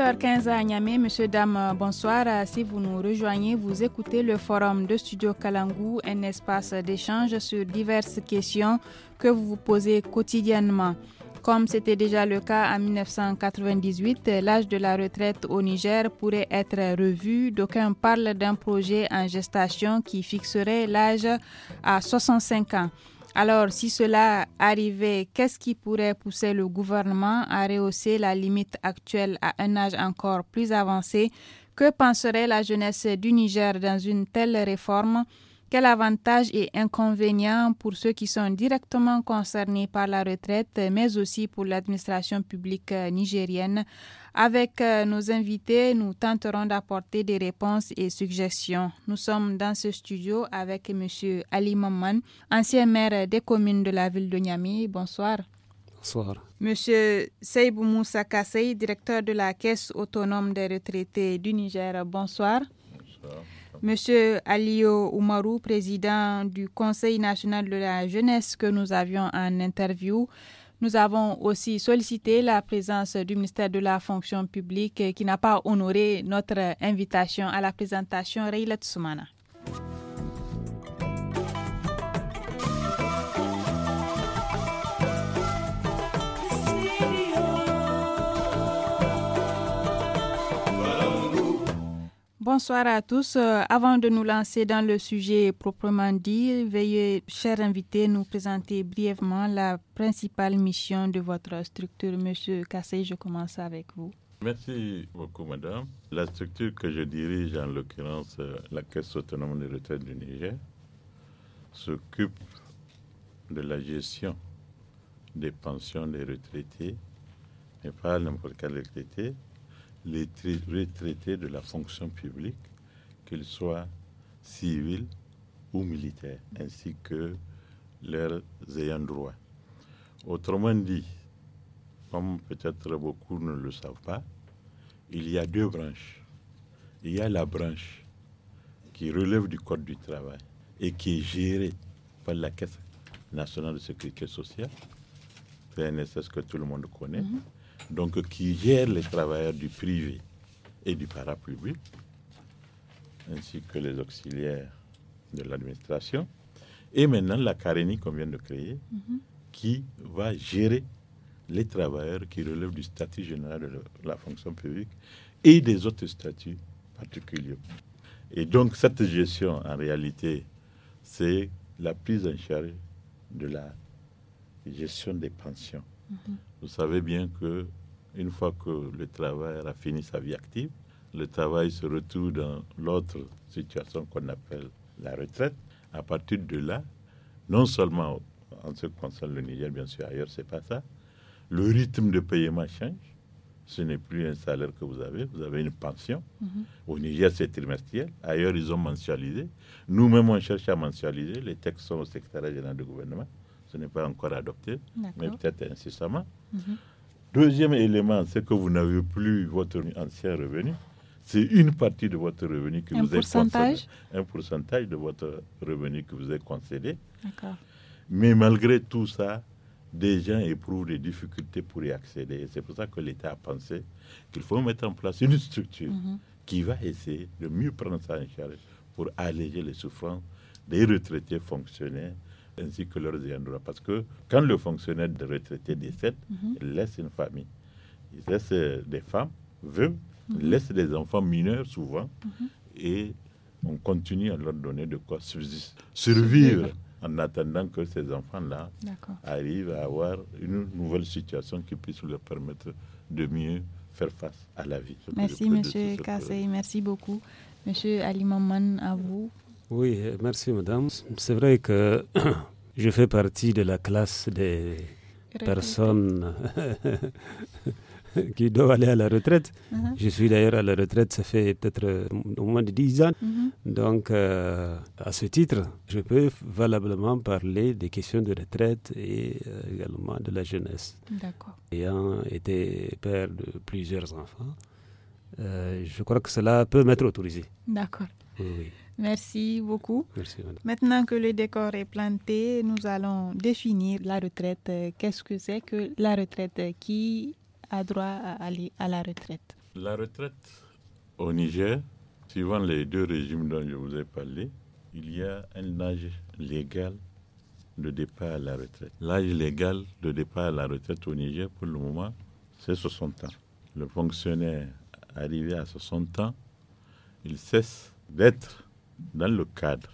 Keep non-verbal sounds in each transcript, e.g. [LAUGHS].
7h15 à Niamey. Monsieur, dames euh, bonsoir. Euh, si vous nous rejoignez, vous écoutez le forum de Studio Kalangou, un espace d'échange sur diverses questions que vous vous posez quotidiennement. Comme c'était déjà le cas en 1998, euh, l'âge de la retraite au Niger pourrait être revu. D'aucuns parlent d'un projet en gestation qui fixerait l'âge à 65 ans. Alors, si cela arrivait, qu'est-ce qui pourrait pousser le gouvernement à rehausser la limite actuelle à un âge encore plus avancé Que penserait la jeunesse du Niger dans une telle réforme Quel avantage et inconvénient pour ceux qui sont directement concernés par la retraite, mais aussi pour l'administration publique euh, nigérienne avec euh, nos invités, nous tenterons d'apporter des réponses et suggestions. Nous sommes dans ce studio avec M. Ali Maman, ancien maire des communes de la ville de Niamey. Bonsoir. Bonsoir. Monsieur Seibou Moussa directeur de la Caisse autonome des retraités du Niger. Bonsoir. Bonsoir. Monsieur Alio Oumarou, président du Conseil national de la jeunesse que nous avions en interview. Nous avons aussi sollicité la présence du ministère de la fonction publique qui n'a pas honoré notre invitation à la présentation Reilat Bonsoir à tous. Euh, avant de nous lancer dans le sujet proprement dit, veuillez, chers invités, nous présenter brièvement la principale mission de votre structure. Monsieur Cassé, je commence avec vous. Merci beaucoup, madame. La structure que je dirige, en l'occurrence euh, la Caisse autonome des retraites du Niger, s'occupe de la gestion des pensions des retraités, et pas n'importe quel retraité, les retraités de la fonction publique, qu'ils soient civils ou militaires, ainsi que leurs ayants droit. Autrement dit, comme peut-être beaucoup ne le savent pas, il y a deux branches. Il y a la branche qui relève du Code du travail et qui est gérée par la Caisse nationale de sécurité sociale, PNSS que tout le monde connaît. Mm-hmm donc qui gère les travailleurs du privé et du parapublic, ainsi que les auxiliaires de l'administration, et maintenant la Carénie qu'on vient de créer, mhm. qui va gérer les travailleurs qui relèvent du statut général de la fonction publique et des autres statuts particuliers. Et donc cette gestion, en réalité, c'est la prise en charge de la gestion des pensions. Mhm. Vous savez bien que une fois que le travail a fini sa vie active, le travail se retrouve dans l'autre situation qu'on appelle la retraite. À partir de là, non seulement en ce qui concerne le Niger, bien sûr, ailleurs, c'est pas ça. Le rythme de paiement change. Ce n'est plus un salaire que vous avez, vous avez une pension. Mhm. Au Niger, c'est trimestriel. Ailleurs, ils ont mensualisé. Nous-mêmes, on cherche à mensualiser. Les textes sont au secrétariat général du gouvernement. Ce n'est pas encore adopté, mais peut-être incessamment. Mhm. Deuxième élément, c'est que vous n'avez plus votre ancien revenu. C'est une partie de votre revenu que vous avez concédé. un pourcentage de votre revenu que vous avez concédé. Mais malgré tout ça, des gens éprouvent des difficultés pour y accéder. C'est pour ça que l'État a pensé qu'il faut mettre en place une structure mhm. qui va essayer de mieux prendre ça en charge pour alléger les souffrances des retraités fonctionnaires ainsi que leurs ayants droit. Parce que quand le fonctionnaire de retraité décède, mhm. il laisse une famille. Il laisse euh, des femmes veuves, mhm. laisse des enfants mineurs souvent, mhm. et on continue à leur donner de quoi survivre en attendant que ces enfants-là arrivent à avoir une nouvelle situation qui puisse leur permettre de mieux faire face à la vie. Merci, M. Kassé. Merci beaucoup. Monsieur Ali Maman, à vous. Oui, euh, merci madame. C'est vrai que [CLEARS THROAT] je fais partie de la classe des personnes [LAUGHS] qui doivent aller à la retraite. Uh-huh. Je suis d'ailleurs à la retraite, ça fait peut-être euh, au moins de 10 ans. Uh-huh. Donc, euh, à ce titre, je peux valablement parler des questions de retraite et également de la jeunesse. D'accord. Ayant été père de plusieurs enfants, je crois que cela peut m'être autorisé. D'accord. Oui, Oui. Merci beaucoup. Maintenant que le décor est planté, nous allons définir la retraite. Qu'est-ce que c'est que la retraite Qui a droit à aller à la retraite La retraite au Niger, suivant les deux régimes dont je vous ai parlé, il y a un âge légal de départ à la retraite. L'âge légal de départ à la retraite au Niger, pour le moment, c'est 60 ans. Le fonctionnaire arrivé à 60 ans, il cesse d'être dans le cadre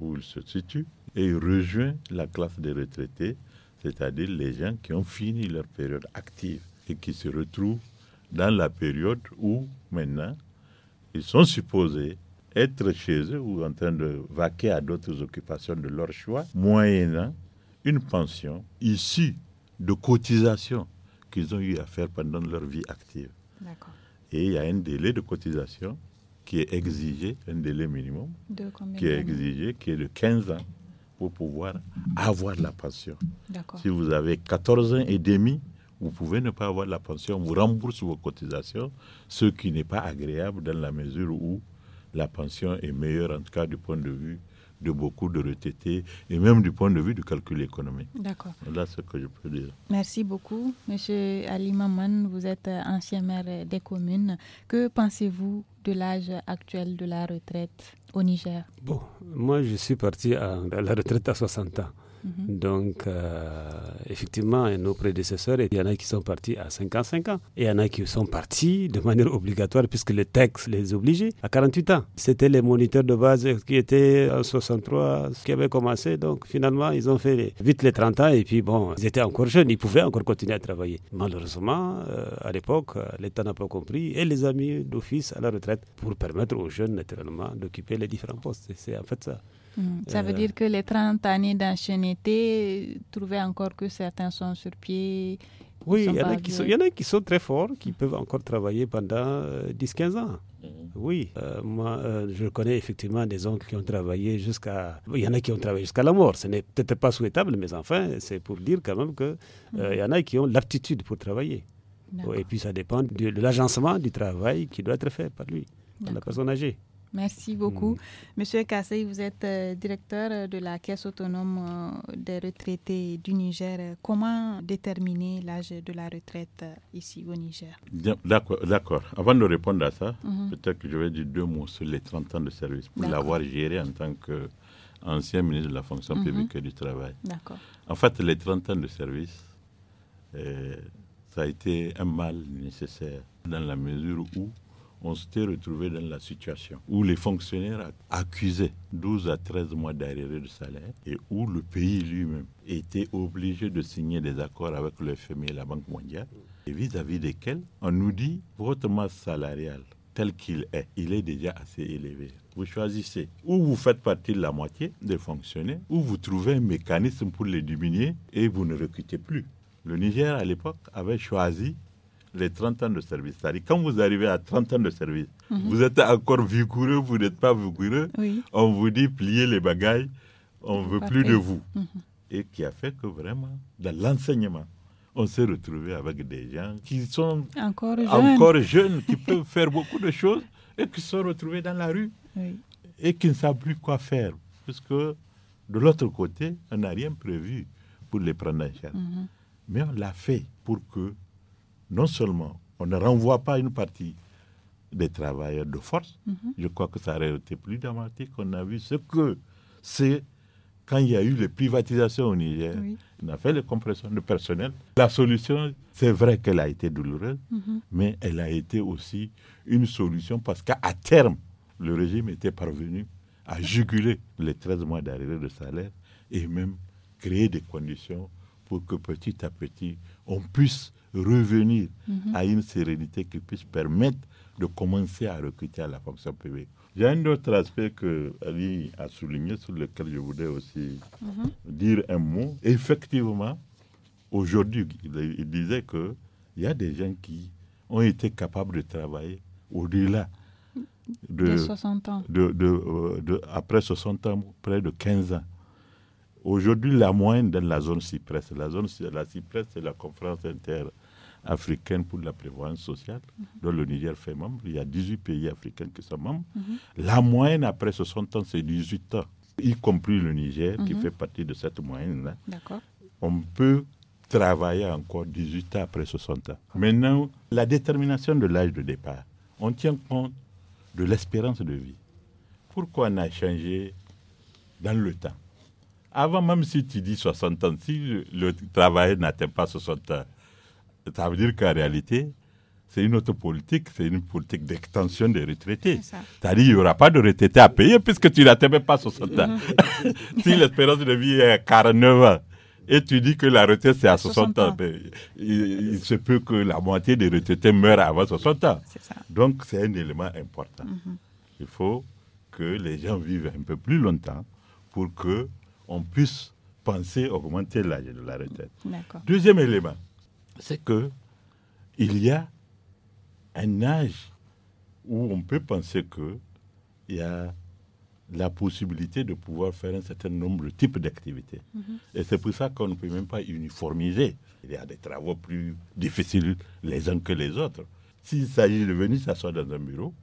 où il se situe et il rejoint la classe des retraités, c'est-à-dire les gens qui ont fini leur période active et qui se retrouvent dans la période où maintenant ils sont supposés être chez eux ou en train de vaquer à d'autres occupations de leur choix, moyennant une pension issue de cotisations qu'ils ont eu à faire pendant leur vie active. Et il y a un délai de cotisation qui est exigé, un délai minimum, qui est exigé, qui est de 15 ans pour pouvoir avoir la pension. Si vous avez 14 ans et demi, vous pouvez ne pas avoir la pension, vous rembourse vos cotisations, ce qui n'est pas agréable dans la mesure où la pension est meilleure, en tout cas du point de vue de beaucoup de retraités et même du point de vue du calcul économique. D'accord. Voilà ce que je peux dire. Merci beaucoup, Monsieur Ali Maman. Vous êtes ancien maire des communes. Que pensez-vous de l'âge actuel de la retraite au Niger Bon, moi je suis parti à la retraite à 60 ans. Mhm. Donc, euh, effectivement, nos prédécesseurs, il y en a qui sont partis à 55 ans. Et il y en a qui sont partis de manière obligatoire puisque le texte les obligeait à 48 ans. C'était les moniteurs de base qui étaient en 63, qui avaient commencé. Donc, finalement, ils ont fait vite les 30 ans et puis bon, ils étaient encore jeunes, ils pouvaient encore continuer à travailler. Malheureusement, euh, à l'époque, euh, l'État n'a pas compris et les amis d'office à la retraite pour permettre aux jeunes, naturellement, d'occuper les différents postes. C'est en fait ça. Mm. Ça veut euh, dire que les 30 années d'ancienneté, trouver encore que certains sont sur pied. Oui, il y, en a qui sont, il y en a qui sont très forts, qui peuvent encore travailler pendant 10-15 euh, ans. Mm. Oui, euh, moi, je connais effectivement des oncles qui ont travaillé jusqu'à. Il y en a qui ont travaillé jusqu'à la mort. Ce n'est peut-être pas souhaitable, mais enfin, c'est pour dire quand même qu'il mm. il y en a qui ont l'aptitude pour travailler. Et puis, ça dépend de, de l'agencement du travail qui doit être fait par lui, par la personne âgée. Merci mm. beaucoup. Monsieur Kassé, vous êtes euh, directeur euh, de la Caisse autonome euh, des retraités du Niger. Comment déterminer l'âge de la retraite ici au Niger D'accord. Avant de répondre à ça, mhm. peut-être que je vais dire deux mots sur les 30 ans de service pour l'avoir géré en tant qu'ancien ministre de la fonction mhm. publique et du travail. D'accord. En fait, les 30 ans de service, ça a été un mal nécessaire dans la mesure où on s'était retrouvé dans la situation où les fonctionnaires accusaient 12 à 13 mois d'arriéré de salaire et où le pays lui-même était obligé de signer des accords avec le FMI et la Banque mondiale, et vis-à-vis desquels on nous dit votre masse salariale tel qu'il est, il est déjà assez élevé. Vous choisissez ou vous faites partie de la moitié des fonctionnaires, ou vous trouvez un mécanisme pour les diminuer et vous ne recrutez plus. Le Niger, à l'époque, avait choisi les 30 ans de service. C'est-à-dire, quand vous arrivez à 30 ans de service, mhm. vous êtes encore vigoureux, vous n'êtes pas vigoureux. On vous dit pliez les bagailles, on ne veut plus de vous. Mhm. Et qui a fait que vraiment, dans l'enseignement, on s'est retrouvé avec des gens qui sont encore jeunes, encore jeunes qui peuvent faire beaucoup de choses et qui se sont retrouvés dans la rue et qui ne savent plus quoi faire. Puisque de l'autre côté, on n'a rien prévu pour les prendre en charge. Mhm. Mais on l'a fait pour que non seulement on ne renvoie pas une partie des travailleurs de force, mhm. je crois que ça aurait été plus dramatique. On a vu ce que c'est quand il y a eu les privatisations au Niger, on a fait les compressions de personnel. La solution, c'est vrai qu'elle a été douloureuse, mhm. mais elle a été aussi une solution parce qu'à terme, le régime était parvenu à juguler les 13 mois d'arrivée de salaire et même créer des conditions pour que petit à petit, on puisse revenir mhm. à une sérénité qui puisse permettre de commencer à recruter à la fonction publique. Il y a un autre aspect que Ali a souligné, sur lequel je voudrais aussi mhm. dire un mot. Effectivement, aujourd'hui, il disait qu'il y a des gens qui ont été capables de travailler au-delà de, 60 ans. Euh, après 60 ans, près de 15 ans. Aujourd'hui, la moyenne dans la zone CIPRES, la zone la c'est la conférence interafricaine pour la prévoyance sociale, mhm. dont le Niger fait membre. Il y a 18 pays africains qui sont membres. Mhm. La moyenne après 60 ans, c'est 18 ans, y compris le Niger, qui mhm. fait partie de cette moyenne-là. On peut travailler encore 18 ans après 60 ans. Maintenant, la détermination de l'âge de départ, on tient compte de l'espérance de vie. Pourquoi on a changé dans le temps avant, même si tu dis 60 ans, si le travail n'atteint pas 60 ans, ça veut dire qu'en réalité, c'est une autre politique, c'est une politique d'extension des retraités. C'est-à-dire qu'il n'y aura pas de retraités à payer puisque tu n'atteins même pas 60 ans. Mm-hmm. [LAUGHS] si l'espérance de vie est à 49 ans et tu dis que la retraite c'est à 60, ans, ben, il, se peut que la moitié des retraités meurent avant 60 ans. Donc c'est un élément important. Mm-hmm. Il faut que les gens vivent un peu plus longtemps pour que on puisse penser augmenter l'âge de la retraite. Deuxième élément, c'est que il y a un âge où on peut penser que il y a la possibilité de pouvoir faire un certain nombre de types d'activités. Mhm. Et c'est pour ça qu'on ne peut même pas uniformiser. Il y a des travaux plus difficiles les uns que les autres. S'il s'agit de venir s'asseoir dans un bureau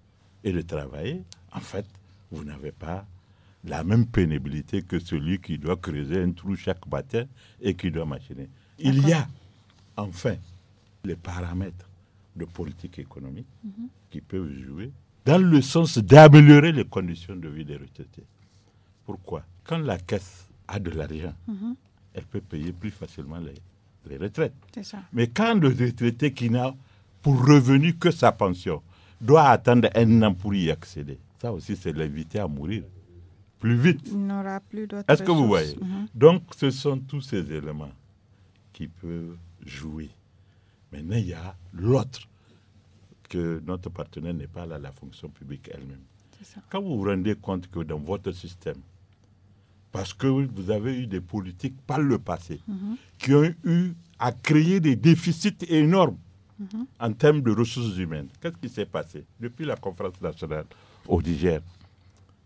et de travailler, en fait, vous n'avez pas la même pénibilité que celui qui doit creuser un trou chaque matin et qui doit machiner. Il y a enfin les paramètres de politique économique mhm. qui peuvent jouer dans le sens d'améliorer les conditions de vie des retraités. Pourquoi Quand la caisse a de l'argent, mhm. elle peut payer plus facilement les, retraites. Mais quand le retraité qui n'a pour revenu que sa pension doit attendre un an pour y accéder, ça aussi c'est l'inviter à mourir plus vite. Il n'aura plus d'autres Est-ce que vous voyez mhm. Donc, ce sont tous ces éléments qui peuvent jouer. Maintenant, il y a l'autre, que notre partenaire n'est pas là, la fonction publique elle-même. Quand vous vous rendez compte que dans votre système, parce que vous avez eu des politiques par le passé mhm. qui ont eu à créer des déficits énormes mhm. en termes de ressources humaines. Qu'est-ce qui s'est passé depuis la conférence nationale au Niger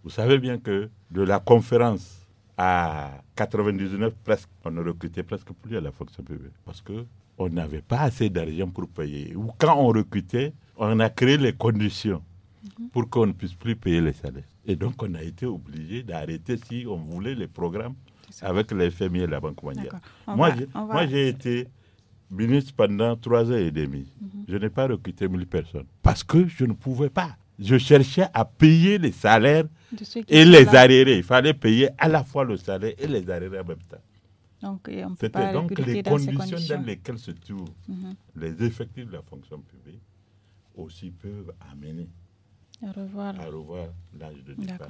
vous savez bien que de la conférence à 99 presque, on ne recrutait presque plus à la fonction publique parce que on n'avait pas assez d'argent pour payer. Ou quand on recrutait, on a créé les conditions mhm. pour qu'on ne puisse plus payer les salaires. Et donc on a été obligé d'arrêter si on voulait les programmes avec les FMI et la Banque mondiale. Moi, moi j'ai été ministre pendant trois ans et demi. Mhm. Je n'ai pas recruté mille personnes parce que je ne pouvais pas je cherchais à payer les salaires et les arriérés. Il fallait payer à la fois le salaire et les arriérés en même temps. Donc, C'était donc les conditions, dans lesquelles se trouvent mhm. les effectifs de la fonction publique aussi peuvent amener à revoir, revoir l'âge de départ.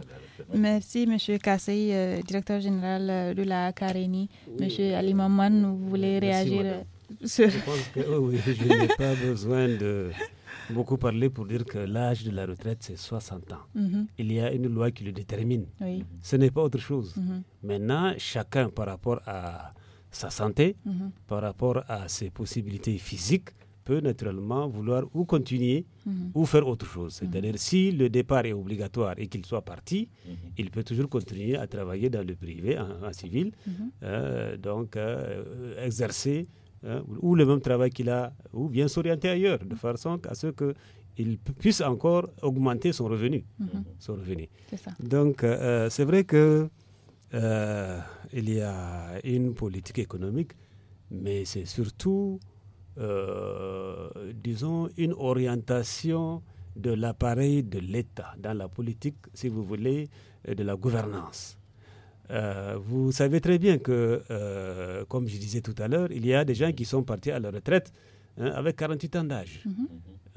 Merci, M. Kassey, euh, directeur général euh, de la Careni. M. Euh, Ali Maman, vous voulez réagir sur... Je pense que, oui, je n'ai pas besoin de beaucoup parlé pour dire que l'âge de la retraite, c'est 60 ans. Mhm. Il y a une loi qui le détermine. Ce n'est pas autre chose. Mhm. Maintenant, chacun par rapport à sa santé, mhm. par rapport à ses possibilités physiques, peut naturellement vouloir ou continuer ou faire autre chose. C'est-à-dire, si le départ est obligatoire et qu'il soit parti, il peut toujours continuer à travailler dans le privé, en, civil, euh, donc euh, exercer Hein, ou le même travail qu'il a, ou bien s'orienter ailleurs, de façon à ce qu'il puisse encore augmenter son revenu. Mhm. son revenu. Donc, euh, euh, c'est vrai que euh, il y a une politique économique, mais c'est surtout, disons, une orientation de l'appareil de l'État dans la politique, si vous voulez, de la gouvernance. Euh, vous savez très bien que, euh, comme je disais tout à l'heure, il y a des gens qui sont partis à la retraite hein, avec 48 ans d'âge. Mhm.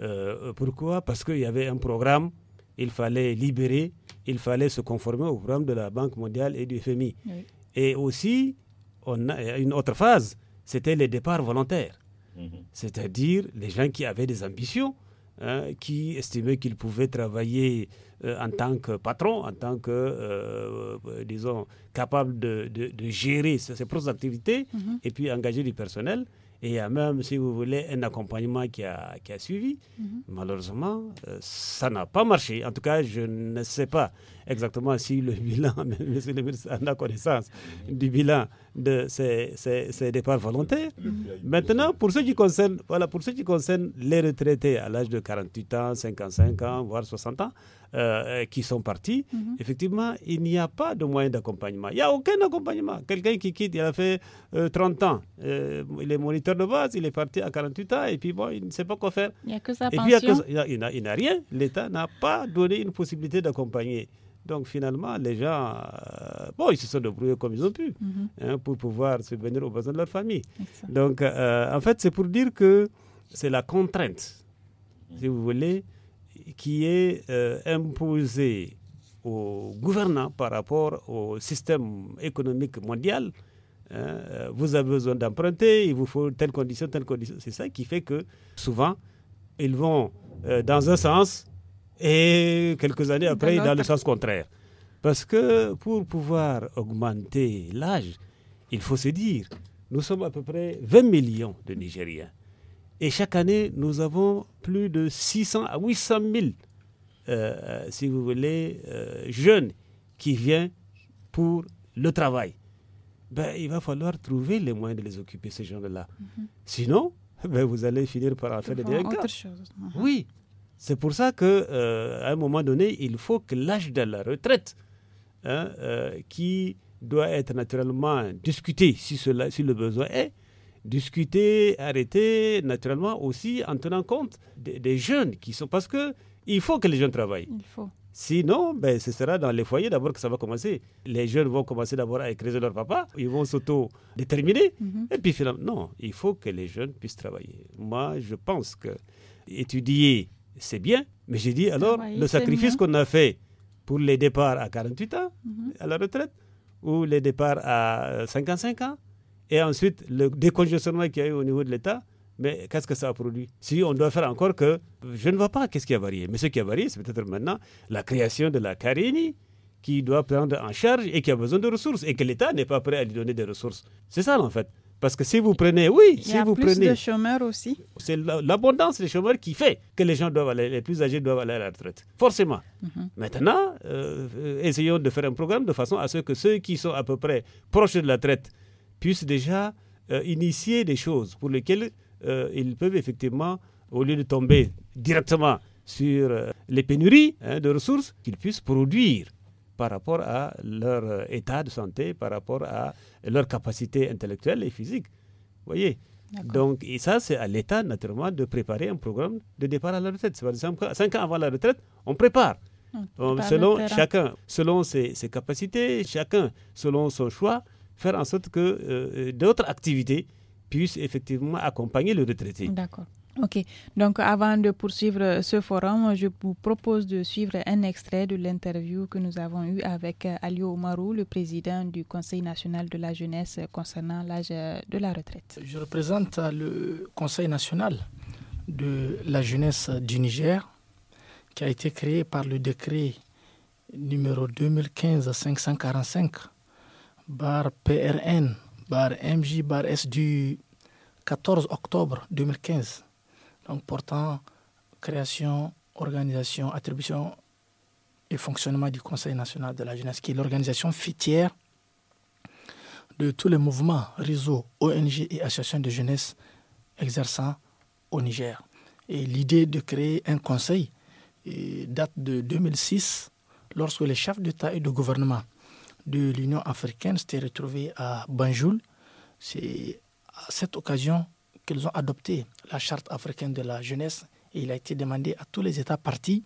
Euh, pourquoi Parce qu'il y avait un programme, il fallait libérer, il fallait se conformer au programme de la Banque mondiale et du FMI. Et aussi, une autre phase, c'était les départs volontaires, mhm. c'est-à-dire les gens qui avaient des ambitions Hein, qui estimait qu'il pouvait travailler euh, en tant que patron, en tant que, euh, disons, capable de, de, gérer ses, propres activités mhm. et puis engager du personnel. Et il y a même, si vous voulez, un accompagnement qui a, qui a suivi. Mhm. Malheureusement, euh, ça n'a pas marché. En tout cas, je ne sais pas exactement si le [LAUGHS] bilan, monsieur le ministre en a connaissance du bilan de ces, ces, ces départs volontaires. Maintenant, pour ce qui concerne, voilà, pour ce qui concerne les retraités à l'âge de 48 ans, 55 ans, voire 60 ans, euh, qui sont partis, mhm. effectivement, il n'y a pas de moyen d'accompagnement. Il n'y a aucun accompagnement. Quelqu'un qui quitte, il a fait 30 euh, ans, euh, il est moniteur de base, il est parti à 48 ans, et puis bon, il ne sait pas quoi faire. Il n'y a que sa et pension. Puis, il n'a rien. L'État n'a pas donné une possibilité d'accompagner. Donc finalement, les gens, euh, bon, ils se sont débrouillés comme ils ont pu mhm. hein, pour pouvoir subvenir aux besoins de leur famille. Donc euh, en fait, c'est pour dire que c'est la contrainte, si vous voulez, qui est euh, imposée aux gouvernants par rapport au système économique mondial. Hein, vous avez besoin d'emprunter, il vous faut telle condition, telle condition. C'est ça qui fait que souvent, ils vont dans un sens et quelques années après, dans, le sens contraire. Parce que pour pouvoir augmenter l'âge, il faut se dire, nous sommes à peu près 20 millions de Nigériens. Et chaque année, nous avons plus de 600 à 800 000, euh, euh, si vous voulez, euh, jeunes qui viennent pour le travail. Ben, il va falloir trouver les moyens de les occuper, ces gens-là. Mhm. Sinon, [LAUGHS] ben, vous allez finir par en faire des dégâts. Oui, c'est pour ça que euh, à un moment donné, il faut que l'âge de la retraite, hein, euh, qui doit être naturellement discuté si, cela, si le besoin est, discuté, arrêté, naturellement aussi en tenant compte des, jeunes qui sont... Parce que il faut que les jeunes travaillent. Il faut. Sinon, ben, ce sera dans les foyers d'abord que ça va commencer. Les jeunes vont commencer d'abord à écraser leur papa, ils vont s'auto-déterminer. Mhm. Et puis finalement, non, il faut que les jeunes puissent travailler. Moi, je pense que étudier c'est bien, mais j'ai dit alors le sacrifice qu'on a fait pour les départs à 48 ans mhm. à la retraite ou les départs à 55 euh, ans et ensuite le décongestionnement qu'il y a eu au niveau de l'État, mais qu'est-ce que ça a produit Si on doit faire encore que je ne vois pas qu'est-ce qui a varié, mais ce qui a varié, c'est peut-être maintenant la création de la Carini qui doit prendre en charge et qui a besoin de ressources et que l'État n'est pas prêt à lui donner des ressources. C'est ça en fait. Parce que si vous prenez, oui, si vous prenez. Il y a plus de chômeurs aussi. C'est l'abondance des chômeurs qui fait que les gens doivent aller, les plus âgés doivent aller à la retraite. Forcément. Mhm. Maintenant, euh, euh, essayons de faire un programme de façon à ce que ceux qui sont à peu près proches de la retraite puissent déjà euh, initier des choses pour lesquelles ils peuvent effectivement, au lieu de tomber directement sur les pénuries hein, de ressources, qu'ils puissent produire par rapport à leur euh, état de santé, par rapport à leur capacité intellectuelle et physique. voyez Donc, et ça, c'est à l'État, naturellement, de préparer un programme de départ à la retraite. C'est par exemple cinq ans avant la retraite, on prépare. selon chacun, selon ses, capacités, chacun, selon son choix, faire en sorte que euh, euh, d'autres activités puissent effectivement accompagner le retraité. D'accord. Ok, donc avant de poursuivre ce forum, je vous propose de suivre un extrait de l'interview que nous avons eue avec euh, Alio Omarou, le président du Conseil national de la jeunesse concernant l'âge euh, de la retraite. Je représente euh, le Conseil national de la jeunesse du Niger qui a été créé par le décret numéro 2015-545 bar PRN bar MJ bar S du 14 octobre 2015 donc portant création, organisation, attribution et fonctionnement du Conseil national de la jeunesse, qui est l'organisation fitière de tous les mouvements, réseaux, ONG et associations de jeunesse exerçant au Niger. Et l'idée de créer un conseil euh, date de 2006, lorsque les chefs d'État et de gouvernement de l'Union africaine s'étaient retrouvés à Banjul. C'est à cette occasion qu'ils ont adopté la charte africaine de la jeunesse et il a été demandé à tous les États partis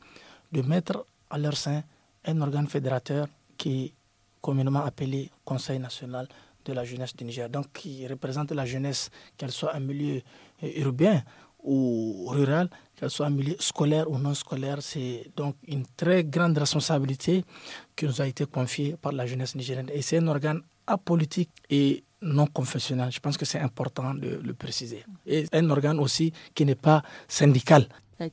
de mettre à leur sein un organe fédérateur qui est communément appelé Conseil national de la jeunesse du Niger, donc qui représente la jeunesse, qu'elle soit un milieu euh, urbain ou rural, qu'elle soit un milieu scolaire ou non scolaire. C'est donc une très grande responsabilité qui nous a été confiée par la jeunesse nigérienne. Et c'est un organe apolitique et non confessionnel. Je pense que c'est important de le préciser. Et un organe aussi qui n'est pas syndical.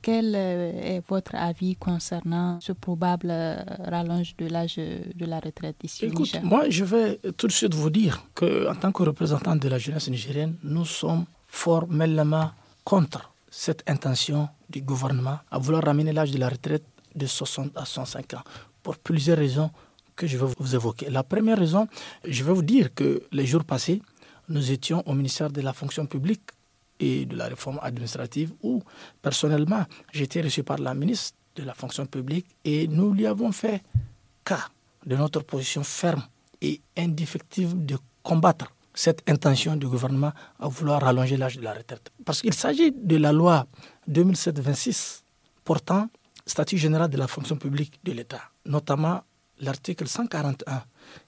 Quel euh, est votre avis concernant ce probable euh, rallonge de l'âge de la retraite ici Écoute, Moi, je vais tout de suite vous dire que en tant que représentant de la jeunesse nigérienne, nous sommes formellement contre cette intention du gouvernement à vouloir ramener l'âge de la retraite de 60 à 105 ans pour plusieurs raisons que je vais vous évoquer. La première raison, je vais vous dire que les jours passés, nous étions au ministère de la fonction publique et de la réforme administrative où, personnellement, j'étais reçu par la ministre de la fonction publique et nous lui avons fait cas de notre position ferme et indéfectible de combattre cette intention du gouvernement à vouloir rallonger l'âge de la retraite. Parce qu'il s'agit de la loi 2007-26 portant statut général de la fonction publique de l'État, notamment l'article 141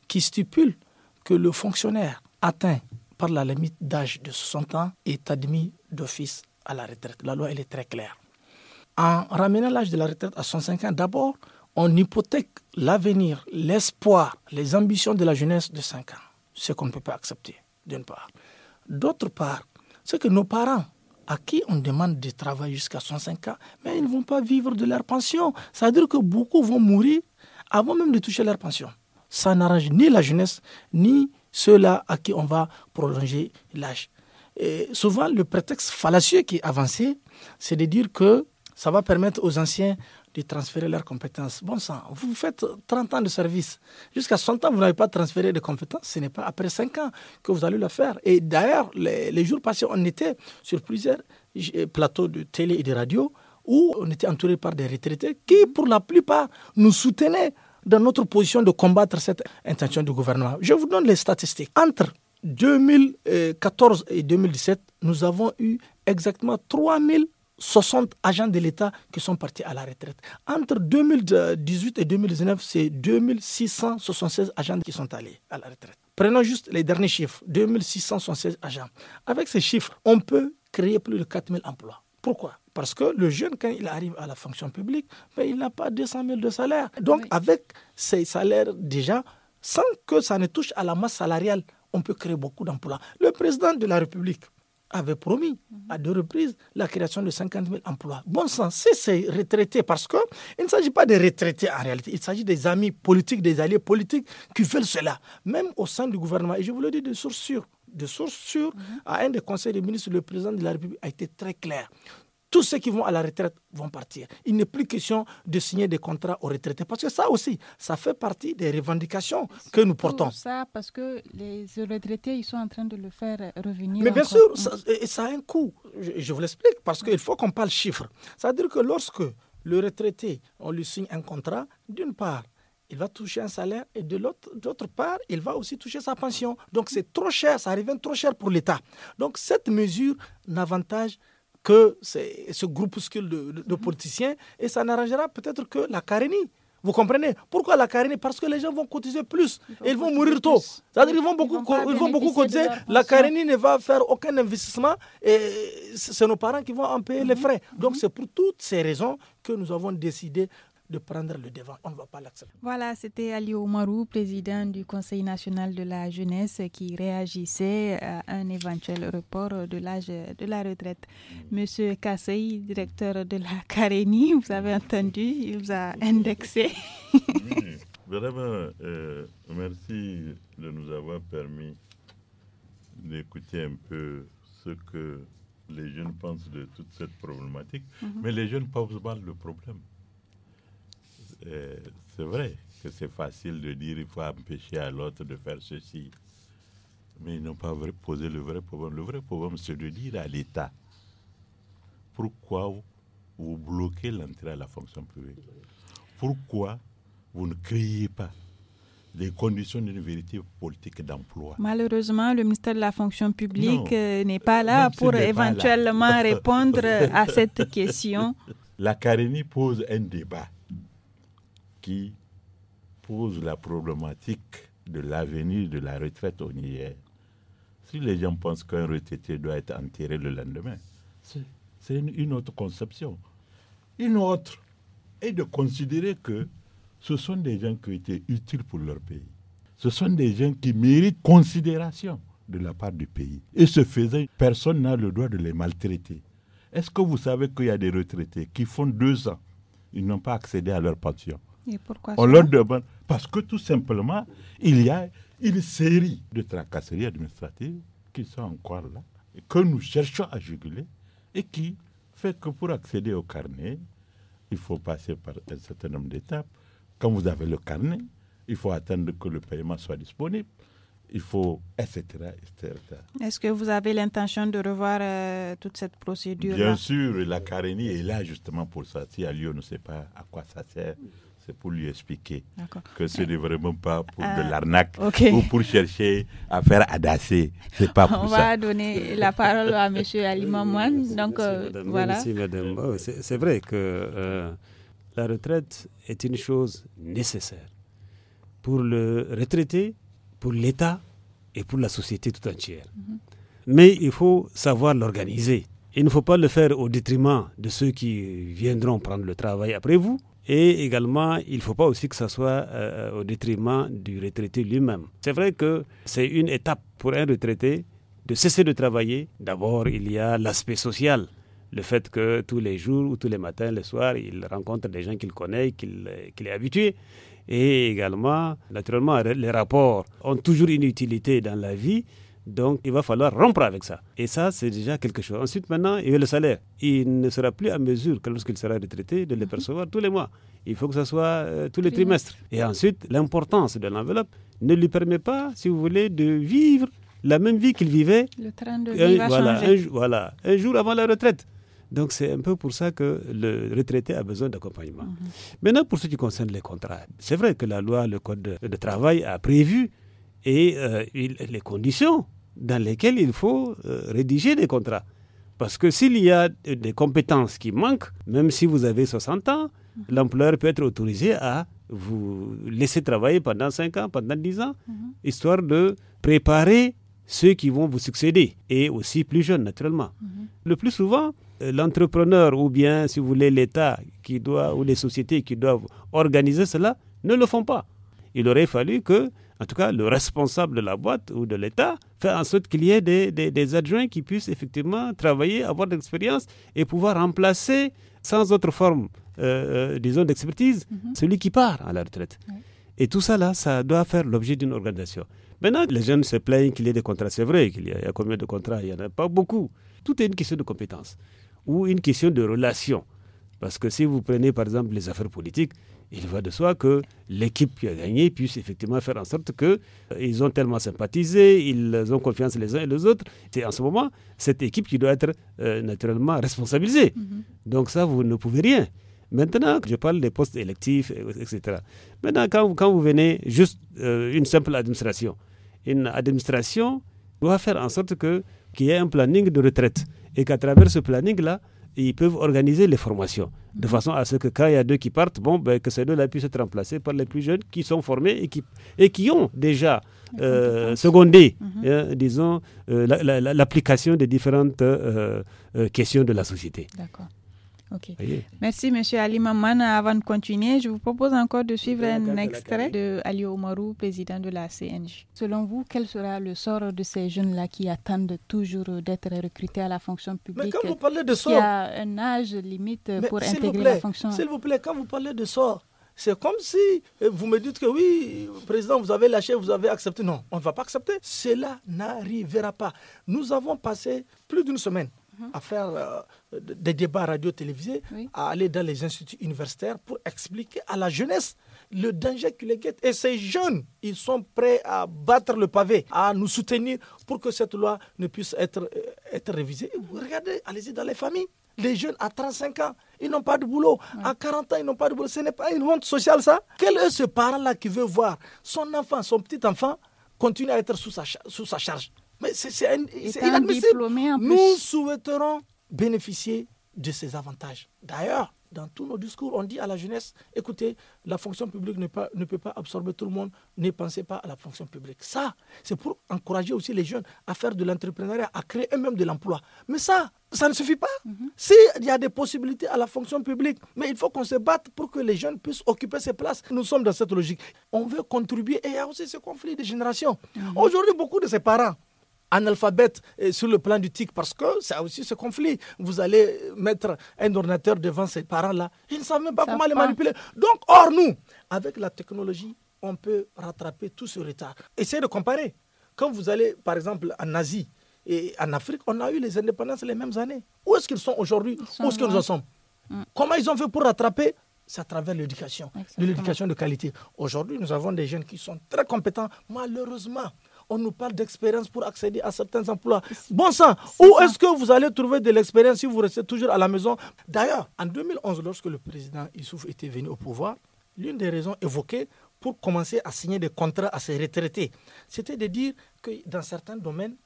qui stipule que le fonctionnaire atteint par la limite d'âge de 60 ans est admis d'office à la retraite. La loi, elle est très claire. En ramenant l'âge de la retraite à 105 ans, d'abord, on hypothèque l'avenir, l'espoir, les ambitions de la jeunesse de 5 ans. Ce qu'on ne peut pas accepter, d'une part. D'autre part, c'est que nos parents, à qui on demande de travailler jusqu'à 105 ans, mais ils ne vont pas vivre de leur pension. C'est-à-dire que beaucoup vont mourir avant même de toucher leur pension. Ça n'arrange ni la jeunesse, ni ceux-là à qui on va prolonger l'âge. souvent, le prétexte fallacieux qui est avancé, c'est de dire que ça va permettre aux anciens de transférer leurs compétences. Bon sang, vous faites 30 ans de service. Jusqu'à 60 ans, vous n'avez pas transféré de compétences. Ce n'est pas après 5 ans que vous allez le faire. Et d'ailleurs, les, les, jours passés, on était sur plusieurs plateaux de télé et de radio où on était entouré par des retraités qui, pour la plupart, nous soutenaient dans notre position de combattre cette intention du gouvernement. Je vous donne les statistiques. Entre 2014 et 2017, nous avons eu exactement 3060 agents de l'État qui sont partis à la retraite. Entre 2018 et 2019, c'est 2676 agents qui sont allés à la retraite. Prenons juste les derniers chiffres, 2676 agents. Avec ces chiffres, on peut créer plus de 4000 emplois. Pourquoi Parce que le jeune, quand il arrive à la fonction publique, ben, il n'a pas 200 000 de salaire. Donc, avec ces salaires déjà, sans que ça ne touche à la masse salariale, on peut créer beaucoup d'emplois. Le président de la République avait promis mhm. à deux reprises la création de 50 000 emplois. Bon sens, c'est ces retraités, parce qu'il ne s'agit pas de retraités en réalité, il s'agit des amis politiques, des alliés politiques qui veulent cela, même au sein du gouvernement. Et je vous le dis de source sûre, de sources sûres, mhm. à un des conseils des ministres, le président de la République a été très clair. Tous ceux qui vont à la retraite vont partir. Il n'est plus question de signer des contrats aux retraités. Parce que ça aussi, ça fait partie des revendications que nous portons. ça parce que les retraités, ils sont en train de le faire revenir. Mais bien sûr, ça, ça, a un coût. Je, je vous l'explique, parce qu'il faut qu'on parle chiffres. C'est-à-dire que lorsque le retraité, on lui signe un contrat, d'une part, il va toucher un salaire et de l'autre part, il va aussi toucher sa pension. Donc c'est trop cher, ça revient trop cher pour l'État. Donc cette mesure n'avantage que ce groupuscule de, de, politiciens et ça n'arrangera peut-être que la carénie. Vous comprenez Pourquoi la carénie Parce que les gens vont cotiser plus et ils vont mourir tôt. C'est-à-dire qu'ils vont beaucoup, ils vont beaucoup cotiser. La carénie ne va faire aucun investissement et c'est nos parents qui vont en payer les mhm. frais. Donc mhm. c'est pour toutes ces raisons que nous avons décidé de prendre le devant. On ne va pas l'accepter. Voilà, c'était Ali Omarou, président du Conseil national de la jeunesse, qui réagissait à un éventuel report de l'âge de la retraite. Mm. Monsieur Kassei, directeur de la Carénie, vous avez entendu, il vous a mm. indexé. [LAUGHS] Mm. vraiment, euh, merci de nous avoir permis d'écouter un peu ce que les jeunes pensent de toute cette problématique. Mm-hmm. Mais les jeunes posent mal le problème. Euh, c'est vrai que c'est facile de dire il faut empêcher à l'autre de faire ceci. Mais ils n'ont pas posé le vrai problème. Le vrai problème, c'est de dire à l'État pourquoi vous bloquez l'entrée à la fonction publique Pourquoi vous ne créez pas les conditions d'une véritable politique d'emploi. Malheureusement, le ministère de la fonction publique euh, n'est pas là pour éventuellement répondre à cette question. [LAUGHS] La Carénie pose un débat qui pose la problématique de l'avenir de la retraite au Niger. Si les gens pensent qu'un retraité doit être enterré le lendemain, c'est une, autre conception. Une autre est de considérer que ce sont des gens qui ont été utiles pour leur pays. Ce sont des gens qui méritent considération de la part du pays. Et ce faisant, personne n'a le droit de les maltraiter. Est-ce que vous savez qu'il y a des retraités qui font deux ans, ils n'ont pas accédé à leur pension pourquoi On leur demande. Parce que tout simplement, il y a une série de tracasseries administratives qui sont encore là, que nous cherchons à juguler, et qui fait que pour accéder au carnet, il faut passer par un certain nombre d'étapes. Quand vous avez le carnet, il faut attendre que le paiement soit disponible il faut, etc. etc. Est-ce que vous avez l'intention de revoir euh, toute cette procédure Bien sûr, la carénie est là justement pour ça. Si à Lyon, on ne sait pas à quoi ça sert, c'est pour lui expliquer que ce n'est vraiment pas pour de euh, l'arnaque ou pour chercher à faire adasser. C'est pas [LAUGHS] pour On va donner la parole à M. Ali euh, Mamouane. Donc, euh, voilà. Merci, madame. Oh, c'est vrai que la retraite est une chose nécessaire pour le retraité, pour l'État et pour la société tout entière. Mhm. Mais il faut savoir l'organiser. Il ne faut pas le faire au détriment de ceux qui viendront prendre le travail après vous et également, il ne faut pas aussi que ça soit euh, au détriment du retraité lui-même. C'est vrai que c'est une étape pour un retraité de cesser de travailler. D'abord, il y a l'aspect social. Le fait que tous les jours ou tous les matins, le soir, il rencontre des gens qu'il connaît, qu'il est habitué. Et également, naturellement, les rapports ont toujours une utilité dans la vie. Donc, il va falloir rompre avec ça. Et ça, c'est déjà quelque chose. Ensuite, maintenant, il y a le salaire. Il ne sera plus à mesure, que lorsqu'il sera retraité, de le mhm. percevoir tous les mois. Il faut que ce soit euh, tous les trimestres. Et ensuite, l'importance de l'enveloppe ne lui permet pas, si vous voulez, de vivre la même vie qu'il vivait. Le train de vie euh, un, va changer. voilà, un jour avant la retraite. Donc c'est un peu pour ça que le retraité a besoin d'accompagnement. Mhm. Maintenant, pour ce qui concerne les contrats, c'est vrai que la loi, le code de travail a prévu et euh, les conditions dans lesquelles il faut euh, rédiger des contrats. Parce que s'il y a des compétences qui manquent, même si vous avez 60 ans, mhm. l'employeur peut être autorisé à vous laisser travailler pendant 5 ans, pendant 10 ans, mhm. histoire de préparer ceux qui vont vous succéder, et aussi plus jeunes naturellement. Mhm. Le plus souvent, euh, l'entrepreneur ou bien, si vous voulez, l'État qui doit, ou les sociétés qui doivent organiser cela, ne le font pas. Il aurait fallu que en tout cas le responsable de la boîte ou de l'État, fait en sorte qu'il y ait des, adjoints qui puissent effectivement travailler, avoir de l'expérience et pouvoir remplacer sans autre forme, euh, euh, disons, d'expertise, mhm. celui qui part à la retraite. Et tout ça, là, ça doit faire l'objet d'une organisation. Maintenant, les jeunes se plaignent qu'il y ait des contrats. C'est vrai qu'il y, y, a combien de contrats Il n'y en a pas beaucoup. Tout est une question de compétences ou une question de relation. Parce que si vous prenez, par exemple, les affaires politiques, il va de soi que l'équipe qui a gagné puisse effectivement faire en sorte que euh, ils ont tellement sympathisé, ils ont confiance les uns et les autres. C'est en ce moment cette équipe qui doit être euh, naturellement responsabilisée. Mhm. Donc ça, vous ne pouvez rien. Maintenant, je parle des postes électifs, etc. Maintenant, quand, vous venez juste euh, une simple administration, une administration doit faire en sorte que qu'il y ait un planning de retraite et qu'à travers ce planning-là, ils peuvent organiser les formations de mhm. façon à ce que quand il y a deux qui partent, bon, ben, que ces deux-là puissent être remplacés par les plus jeunes qui sont formés et qui, et qui ont déjà euh, secondé, mhm. hein, disons, euh, l'application des différentes euh, questions de la société. D'accord. Ok. Merci, monsieur Ali Maman. Avant de continuer, je vous propose encore de suivre un extrait de, Ali Omarou, président de la CNJ. Selon vous, quel sera le sort de ces jeunes-là qui attendent toujours d'être recrutés à la fonction publique Mais quand vous parlez de sort. a un âge limite pour intégrer la fonction. S'il vous plaît, quand vous parlez de sort, c'est comme si euh, vous me dites que oui, président, vous avez lâché, vous avez accepté. Non, on ne va pas accepter. Cela n'arrivera pas. Nous avons passé plus d'une semaine à faire euh, des débats radio-télévisés, à aller dans les instituts universitaires pour expliquer à la jeunesse le danger qui les guette. Et ces jeunes, ils sont prêts à battre le pavé, à nous soutenir pour que cette loi ne puisse être, euh, être révisée. Regardez, allez-y dans les familles. Les jeunes à 35 ans, ils n'ont pas de boulot. À 40 ans, ils n'ont pas de boulot. Ce n'est pas une honte sociale, ça. Quel est ce parent-là qui veut voir son enfant, son petit-enfant, continuer à être sous sa, sous sa charge mais c'est inadmissible. Nous souhaiterons bénéficier de ces avantages. D'ailleurs, dans tous nos discours, on dit à la jeunesse, écoutez, la fonction publique ne, peut pas absorber tout le monde, ne pensez pas à la fonction publique. Ça, c'est pour encourager aussi les jeunes à faire de l'entrepreneuriat, à créer eux-mêmes de l'emploi. Mais ça, ça ne suffit pas. Mhm. S'il y a des possibilités à la fonction publique, mais il faut qu'on se batte pour que les jeunes puissent occuper ces places. Nous sommes dans cette logique. On veut contribuer et il y a aussi ce conflit de générations. Mhm. Aujourd'hui, beaucoup de ces parents analphabète euh, sur le plan du tic parce que ça aussi ce conflit. Vous allez mettre un ordinateur devant ces parents-là. Ils ne savent même pas comment les manipuler. Donc, or, nous, avec la technologie, on peut rattraper tout ce retard. Essayez de comparer. Quand vous allez, par exemple, en Asie et en Afrique, on a eu les indépendances les mêmes années. Où est-ce qu'ils sont aujourd'hui Où est-ce nous en sommes Comment ils ont fait pour rattraper c'est à travers l'éducation, de l'éducation de qualité. Aujourd'hui, nous avons des jeunes qui sont très compétents. Malheureusement, on nous parle d'expérience pour accéder à certains emplois. Bon sang, où est-ce que vous allez trouver de l'expérience si vous restez toujours à la maison D'ailleurs, en 2011, lorsque le président Issouf était venu au pouvoir, l'une des raisons évoquées pour commencer à signer des contrats à ses retraités, c'était de dire que dans certains domaines,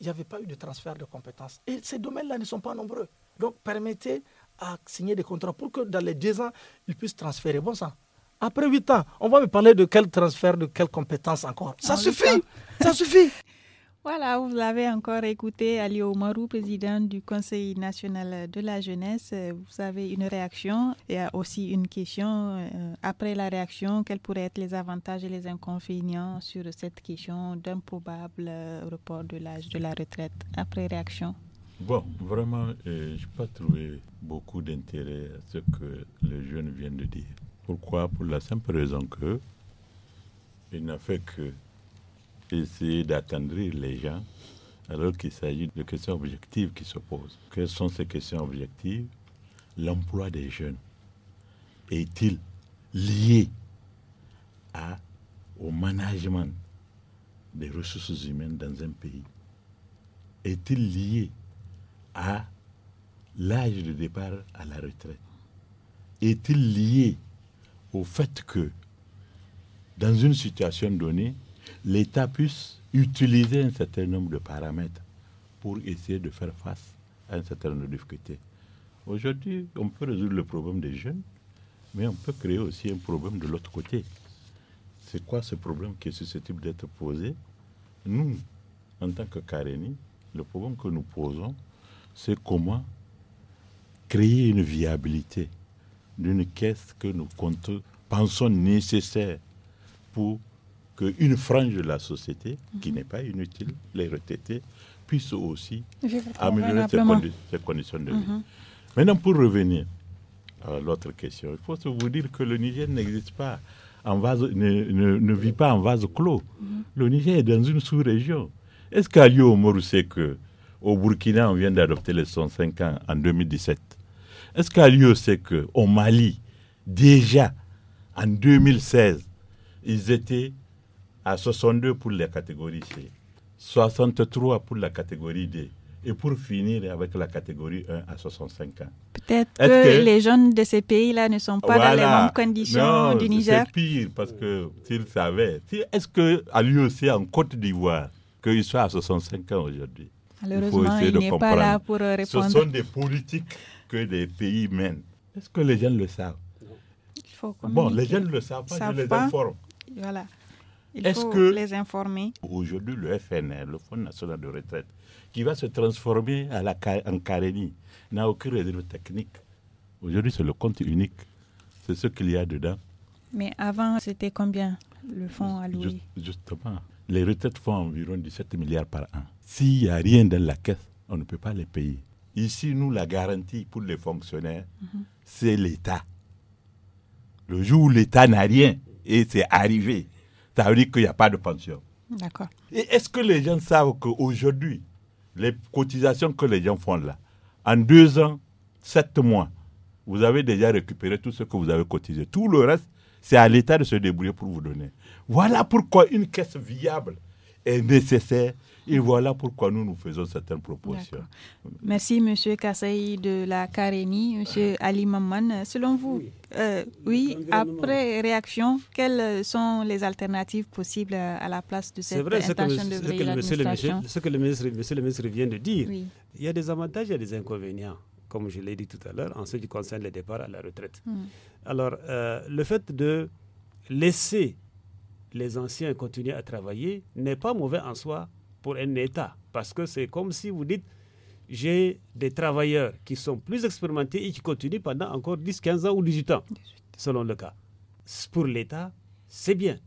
il n'y avait pas eu de transfert de compétences. Et ces domaines-là ne sont pas nombreux. Donc, permettez à signer des contrats pour que dans les deux ans, ils puissent transférer. Bon sang, après 8 ans, on va me parler de quel transfert, de quelles compétences encore. Ça ah, suffit, ça suffit. [LAUGHS] Voilà, vous l'avez encore écouté, Ali Omarou, président du Conseil national de la jeunesse. Vous avez une réaction et aussi une question. Euh, après la réaction, quels pourraient être les avantages et les inconvénients sur cette question d'un probable euh, report de l'âge de la retraite Après réaction. Bon, vraiment, euh, je n'ai pas trouvé beaucoup d'intérêt à ce que les jeunes viennent de dire. Pourquoi Pour la simple raison que il n'a fait que essayer d'attendrir les gens alors qu'il s'agit de questions objectives qui se posent. Quelles sont ces questions objectives L'emploi des jeunes est-il lié à, au management des ressources humaines dans un pays Est-il lié à l'âge de départ à la retraite Est-il lié au fait que, dans une situation donnée, l'État puisse utiliser un certain nombre de paramètres pour essayer de faire face à un certain nombre de difficultés. Aujourd'hui, on peut résoudre le problème des jeunes, mais on peut créer aussi un problème de l'autre côté. C'est quoi ce problème qui est susceptible d'être posé Nous, en tant que Kareni, le problème que nous posons, c'est comment créer une viabilité d'une caisse que nous pensons nécessaire pour qu'une frange de la société, qui mhm. n'est pas inutile, les retraités, puissent aussi améliorer ses conditions de vie. Mhm. Maintenant, pour revenir à l'autre question, il faut vous dire que le Niger n'existe pas en vase, ne, vit pas en vase clos. Mhm. Le Niger est dans une sous-région. Est-ce qu'Alio Lyon, sait que euh, au Burkina, on vient d'adopter les 105 ans en 2017 est ce qu'à a lieu, c'est qu'au Mali, déjà en 2016, ils étaient à 62 pour la catégorie C, 63 pour la catégorie D, et pour finir avec la catégorie 1 à 65 ans. Peut-être que, les jeunes de ces pays-là ne sont pas dans les mêmes conditions du Niger. C'est pire parce que s'ils savaient, est-ce qu'à l'UEC en Côte d'Ivoire, qu'ils soient à 65 ans aujourd'hui Malheureusement, il, il n'est pas là pour répondre. Ce sont des politiques que les pays mènent. Est-ce que les jeunes le savent Il faut Bon, les jeunes le savent pas, les pas. Voilà. Il faut que les informer. Aujourd'hui, le FNR, le Fonds national de retraite, qui va se transformer à la, en Carénie, n'a aucune réserve technique. Aujourd'hui, c'est le compte unique. C'est ce qu'il y a dedans. Mais avant, c'était combien le fonds alloué Justement, les retraites font environ 17 milliards par an. S'il n'y a rien dans la caisse, on ne peut pas les payer. Ici, nous, la garantie pour les fonctionnaires, mhm. c'est l'État. Le jour où l'État n'a rien, et c'est arrivé, ça veut dire qu'il n'y a pas de pension. D'accord. Et est-ce que les gens savent qu'aujourd'hui, les cotisations que les gens font là, en deux ans, sept mois, vous avez déjà récupéré tout ce que vous avez cotisé. Tout le reste, c'est à l'État de se débrouiller pour vous donner. Voilà pourquoi une caisse viable est nécessaire et voilà pourquoi nous nous faisons certaines propositions. Merci, Monsieur Kassai de la Carénie, Monsieur ah. Ali Mamman. Selon vous, oui, euh, après réaction, quelles sont les alternatives possibles à la place de cette vrai, intention que, de veiller C'est ce que le ministre, monsieur le ministre vient de dire, il y a des avantages, et des inconvénients comme je l'ai dit tout à l'heure, en ce qui concerne les départs à la retraite. Hmm. Alors, euh, le fait de laisser les anciens continuer à travailler n'est pas mauvais en soi, pour un État. Parce que c'est comme si vous dites, j'ai des travailleurs qui sont plus expérimentés et qui continuent pendant encore 10, 15 ans ou 18 ans, selon le cas. Pour l'État, c'est bien.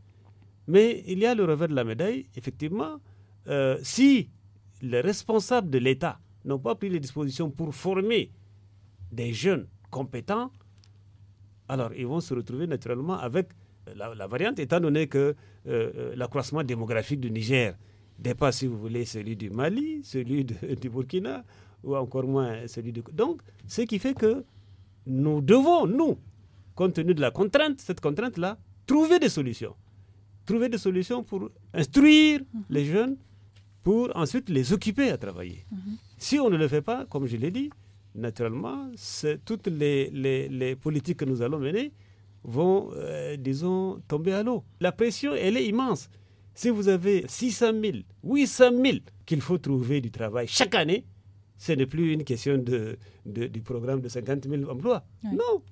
Mais il y a le revers de la médaille, effectivement, euh, si les responsables de l'État n'ont pas pris les dispositions pour former des jeunes compétents, alors ils vont se retrouver naturellement avec la, variante, étant donné que euh, euh, l'accroissement démographique du Niger pas, si vous voulez, celui du Mali, celui [LAUGHS] du Burkina, ou encore moins celui du... Donc, ce qui fait que nous devons, nous, compte tenu de la contrainte, cette contrainte-là, trouver des solutions. Trouver des solutions pour instruire mhm. les jeunes, pour ensuite les occuper à travailler. Mhm. Si on ne le fait pas, comme je l'ai dit, naturellement, toutes les, les, politiques que nous allons mener vont, euh, disons, tomber à l'eau. La pression, elle est immense. Si vous avez 600 000, 800 000 qu'il faut trouver du travail chaque année, ce n'est plus une question de, du programme de 50 000 emplois. Non.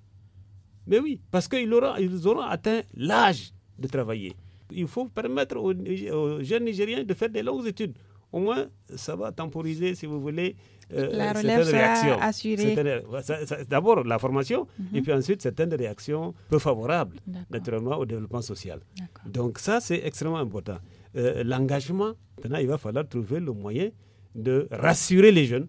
Mais oui, parce qu'ils auront, ils auront atteint l'âge de travailler. Il faut permettre aux, aux jeunes Nigériens de faire des longues études au moins, ça va temporiser, si vous voulez, euh, la euh, relève réaction D'abord la formation, et mhm. puis ensuite certaines réactions peu favorables, naturellement, au développement social. Donc ça, c'est extrêmement important. Euh, l'engagement, maintenant, il va falloir trouver le moyen de rassurer les jeunes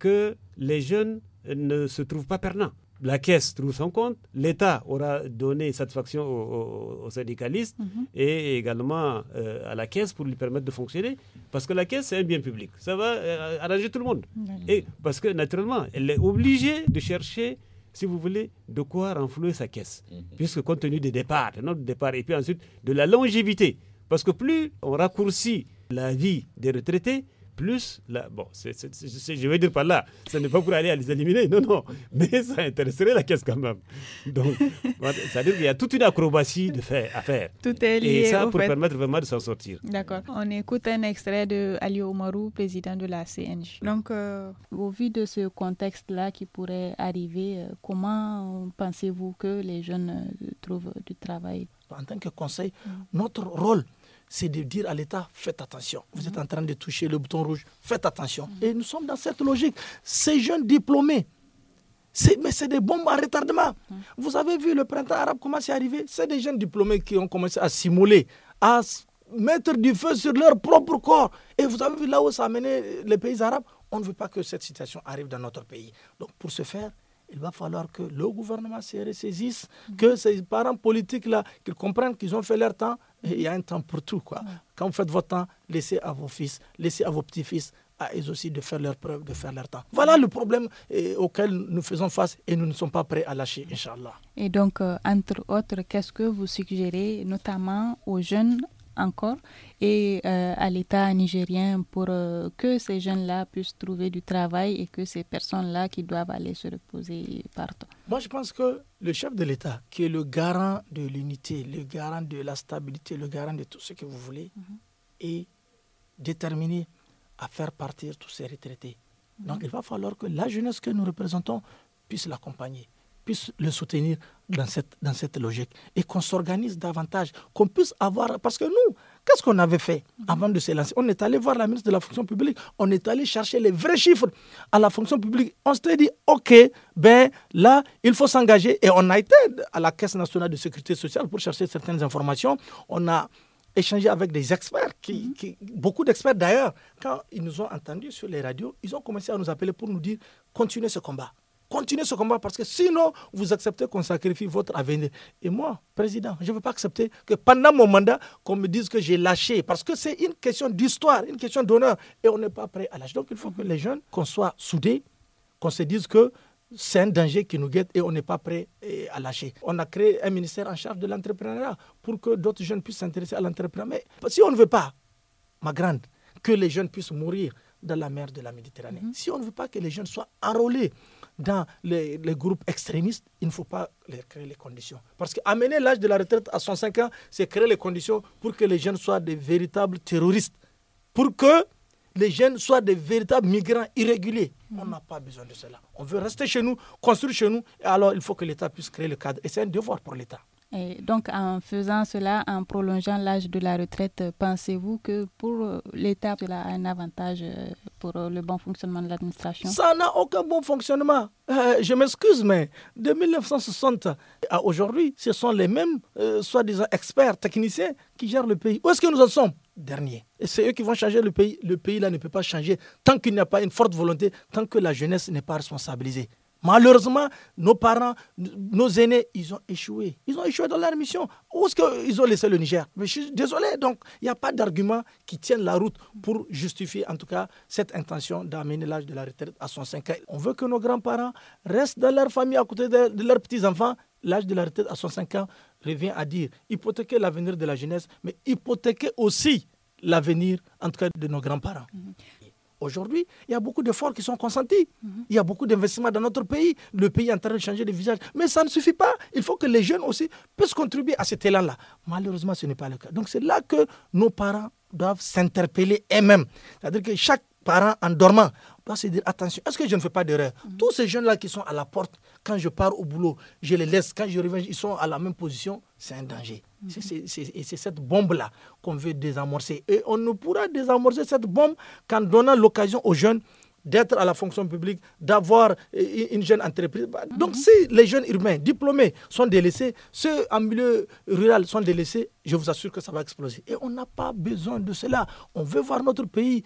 que les jeunes ne se trouvent pas perdants la caisse trouve son compte, l'État aura donné satisfaction aux, syndicalistes mhm. et également euh, à la caisse pour lui permettre de fonctionner, parce que la caisse, c'est un bien public. Ça va euh, arranger tout le monde. Et parce que, naturellement, elle est obligée de chercher si vous voulez, de quoi renflouer sa caisse. Mhm. Puisque compte tenu des départs, départ, et puis ensuite de la longévité. Parce que plus on raccourcit la vie des retraités, plus, là, bon, je vais dire par là, ce n'est pas pour aller à les éliminer, non, non, mais ça intéresserait la caisse quand même. Donc, ça [LAUGHS] veut dire qu'il y a toute une acrobatie de faire, à faire. Tout est lié Et ça, pour permettre vraiment de s'en sortir. D'accord. On écoute un extrait de Ali Omarou, président de la CNJ. Donc, euh, au vu de ce contexte-là qui pourrait arriver, euh, comment pensez-vous que les jeunes euh, trouvent du travail En tant que conseil, notre rôle, c'est de dire à l'État, faites attention. Vous êtes mhm. en train de toucher le bouton rouge, faites attention. Mhm. Et nous sommes dans cette logique. Ces jeunes diplômés, mais c'est des bombes à retardement. Mhm. Vous avez vu le printemps arabe, comment c'est arrivé C'est des jeunes diplômés qui ont commencé à simuler, à mettre du feu sur leur propre corps. Et vous avez vu là où ça a mené les pays arabes On ne veut pas que cette situation arrive dans notre pays. Donc pour ce faire, il va falloir que le gouvernement se ressaisisse, que ces parents politiques-là, qu'ils comprennent qu'ils ont fait leur temps, il y a un temps pour tout. Quoi. Quand vous faites votre temps, laissez à vos fils, laissez à vos petits-fils, à eux aussi de faire leur preuve, de faire leur temps. Voilà le problème eh, auquel nous faisons face et nous ne sommes pas prêts à lâcher, Inch'Allah. Et donc, euh, entre autres, qu'est-ce que vous suggérez notamment aux jeunes encore et euh, à l'État nigérien pour euh, que ces jeunes-là puissent trouver du travail et que ces personnes-là qui doivent aller se reposer partent Moi, je pense que le chef de l'État, qui est le garant de l'unité, le garant de la stabilité, le garant de tout ce que vous voulez, mhm. est déterminé à faire partir tous ces retraités. Donc, mhm. il va falloir que la jeunesse que nous représentons puisse l'accompagner puisse le soutenir dans cette, dans cette logique et qu'on s'organise davantage, qu'on puisse avoir... Parce que nous, qu'est-ce qu'on avait fait avant de se lancer On est allé voir la ministre de la fonction publique, on est allé chercher les vrais chiffres à la fonction publique. On s'était dit, OK, ben là, il faut s'engager. Et on a été à la Caisse nationale de sécurité sociale pour chercher certaines informations. On a échangé avec des experts, qui, mm-hmm. qui beaucoup d'experts d'ailleurs. Quand ils nous ont entendus sur les radios, ils ont commencé à nous appeler pour nous dire, continuez ce combat. Continuez ce combat parce que sinon, vous acceptez qu'on sacrifie votre avenir. Et moi, président, je ne veux pas accepter que pendant mon mandat, qu'on me dise que j'ai lâché parce que c'est une question d'histoire, une question d'honneur et on n'est pas prêt à lâcher. Donc il faut que les jeunes, qu'on soit soudés, qu'on se dise que c'est un danger qui nous guette et on n'est pas prêt eh, à lâcher. On a créé un ministère en charge de l'entrepreneuriat pour que d'autres jeunes puissent s'intéresser à l'entrepreneuriat. Mais si on ne veut pas, ma grande, que les jeunes puissent mourir dans la mer de la Méditerranée, mhm. si on ne veut pas que les jeunes soient enrôlés dans les, groupes extrémistes, il ne faut pas créer les conditions. Parce qu'amener l'âge de la retraite à 105 ans, c'est créer les conditions pour que les jeunes soient des véritables terroristes, pour que les jeunes soient des véritables migrants irréguliers. Mm. On n'a pas besoin de cela. On veut rester chez nous, construire chez nous, et alors il faut que l'État puisse créer le cadre. Et c'est un devoir pour l'État. Et donc, en faisant cela, en prolongeant l'âge de la retraite, pensez-vous que pour euh, l'État, cela a un avantage euh, pour euh, le bon fonctionnement de l'administration Ça n'a aucun bon fonctionnement. je m'excuse, mais de 1960 à aujourd'hui, ce sont les mêmes soi-disant experts, techniciens qui gèrent le pays. Où est-ce que nous en sommes Dernier. Et c'est eux qui vont changer le pays. Le pays-là ne peut pas changer tant qu'il n'y a pas une forte volonté, tant que la jeunesse n'est pas responsabilisée. Malheureusement, nos parents, nos aînés, ils ont échoué. Ils ont échoué dans leur mission. Où est-ce qu'ils ont laissé le Niger Mais je suis désolé, donc il n'y a pas d'argument qui tienne la route pour justifier en tout cas cette intention d'amener l'âge de la retraite à 105 ans. On veut que nos grands-parents restent dans leur famille à côté de, leurs petits-enfants. L'âge de la retraite à 105 ans revient à dire hypothéquer l'avenir de la jeunesse, mais hypothéquer aussi l'avenir, en tout cas, de nos grands-parents. Mm-hmm. Aujourd'hui, il y a beaucoup d'efforts qui sont consentis. Mhm. Il y a beaucoup d'investissements dans notre pays. Le pays est en train de changer de visage. Mais ça ne suffit pas. Il faut que les jeunes aussi puissent contribuer à cet élan-là. Malheureusement, ce n'est pas le cas. Donc c'est là que nos parents doivent s'interpeller eux-mêmes. C'est-à-dire que chaque parent, en dormant, doit se dire attention, est-ce que je ne fais pas d'erreur mhm. Tous ces jeunes-là qui sont à la porte, quand je pars au boulot, je les laisse, quand je reviens, ils sont à la même position, c'est un danger. Mhm. Et c'est cette bombe-là qu'on veut désamorcer. Et on ne pourra désamorcer cette bombe qu'en donnant l'occasion aux jeunes d'être à la fonction publique, d'avoir une jeune entreprise. Bah, mhm. Donc si les jeunes urbains diplômés sont délaissés, ceux en milieu rural sont délaissés, je vous assure que ça va exploser. Et on n'a pas besoin de cela. On veut voir notre pays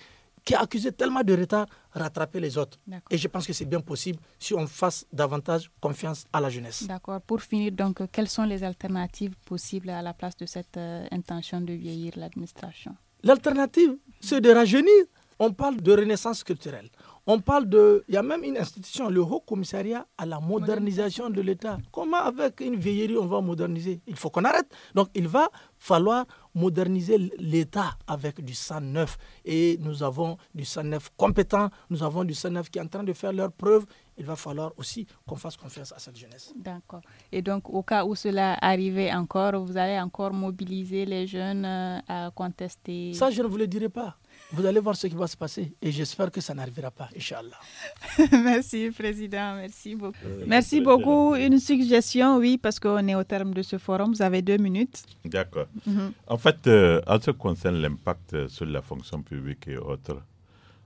qui accusait accusé tellement de retard, rattraper les autres. Et je pense que c'est bien possible si on fasse davantage confiance à la jeunesse. D'accord. Pour finir, donc, quelles sont les alternatives possibles à la place de cette euh, intention de vieillir l'administration L'alternative, c'est de rajeunir. On parle de renaissance culturelle. On parle de. Il y a même une institution, le Haut Commissariat à la modernisation de l'État. Comment, avec une vieillerie, on va moderniser Il faut qu'on arrête. Donc, il va falloir moderniser l'État avec du sang neuf. Et nous avons du sang neuf compétent, nous avons du sang neuf qui est en train de faire leurs preuves. Il va falloir aussi qu'on fasse confiance à cette jeunesse. D'accord. Et donc, au cas où cela arrivait encore, vous allez encore mobiliser les jeunes euh, à contester Ça, je ne vous le dirai pas. Vous allez voir ce qui va se passer et j'espère que ça n'arrivera pas, Inch'Allah. [LAUGHS] merci, Président. Merci beaucoup. Euh, merci beaucoup. Une suggestion, oui, parce qu'on est au terme de ce forum. Vous avez deux minutes. D'accord. Mhm. En fait, euh, en ce qui concerne l'impact euh, sur la fonction publique et autres,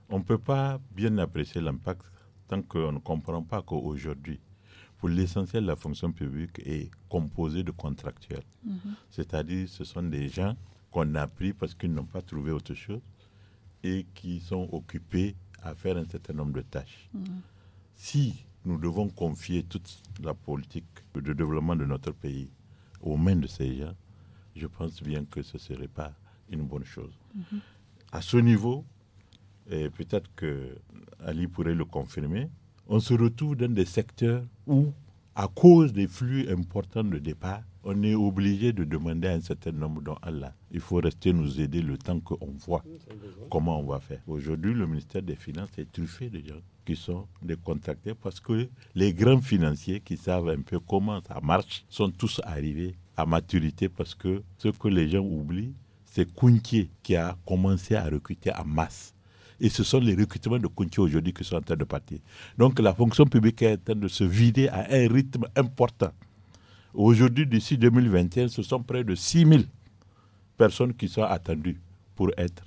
on ne peut pas bien apprécier l'impact tant qu'on ne comprend pas qu'aujourd'hui, pour l'essentiel, la fonction publique est composée de contractuels. Mhm. C'est-à-dire, ce sont des gens qu'on a pris parce qu'ils n'ont pas trouvé autre chose et qui sont occupés à faire un certain nombre de tâches. Mm. Si nous devons confier toute la politique de développement de notre pays aux mains de ces gens, je pense bien que ce ne serait pas une bonne chose. Mm-hmm. À ce niveau, et peut-être que Ali pourrait le confirmer, on se retrouve dans des secteurs où, à cause des flux importants de départ, on est obligé de demander un certain nombre d'hommes. Il faut rester nous aider le temps qu'on voit comment on va faire. Aujourd'hui, le ministère des Finances est truffé de gens qui sont des contractés parce que les grands financiers qui savent un peu comment ça marche sont tous arrivés à maturité parce que ce que les gens oublient, c'est Kunti qui a commencé à recruter en masse. Et ce sont les recrutements de Kunti aujourd'hui qui sont en train de partir. Donc la fonction publique est en train de se vider à un rythme important. Aujourd'hui, d'ici 2021, ce sont près de 6 000 personnes qui sont attendues pour être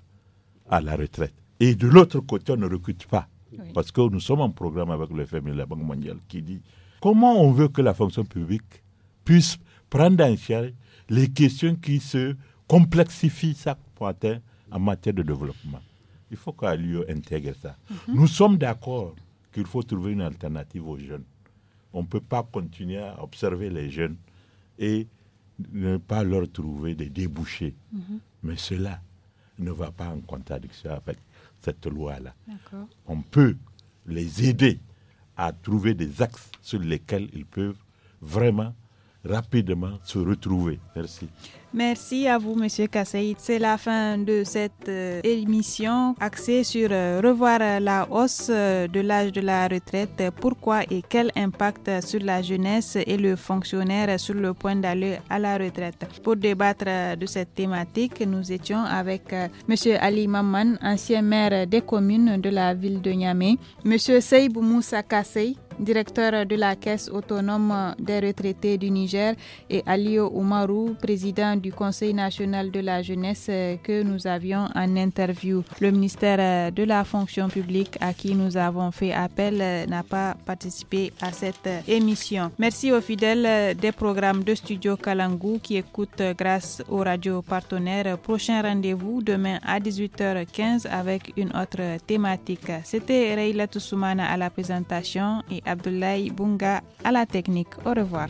à la retraite. Et de l'autre côté, on ne recrute pas. Parce que nous sommes en programme avec le FMI, la Banque mondiale, qui dit comment on veut que la fonction publique puisse prendre en charge les questions qui se complexifient chaque matin en matière de développement. Il faut qu'Alio e intègre ça. Mhm. Nous sommes d'accord qu'il faut trouver une alternative aux jeunes on ne peut pas continuer à observer les jeunes et ne pas leur trouver des débouchés. Mhm. Mais cela ne va pas en contradiction avec cette loi-là. On peut les aider à trouver des axes sur lesquels ils peuvent vraiment rapidement se retrouver. Merci. Merci à vous, Monsieur Kasseï. C'est la fin de cette euh, émission axée sur euh, revoir euh, la hausse de l'âge de la retraite. Pourquoi et quel impact sur la jeunesse et le fonctionnaire sur le point d'aller à la retraite. Pour débattre de cette thématique, nous étions avec Monsieur Ali Maman, ancien maire des communes de la ville de Niamey, Monsieur Seyb Moussa directeur de la Caisse autonome des retraités du Niger, et Alio Oumarou, président du Conseil national de la jeunesse que nous avions en interview. Le ministère de la fonction publique à qui nous avons fait appel n'a pas participé à cette émission. Merci aux fidèles des programmes de Studio Kalangu qui écoutent grâce aux radios partenaires. Prochain rendez-vous demain à 18h15 avec une autre thématique. C'était Rayla Toussoumana à la présentation et Abdoulaye Bunga à la technique. Au revoir.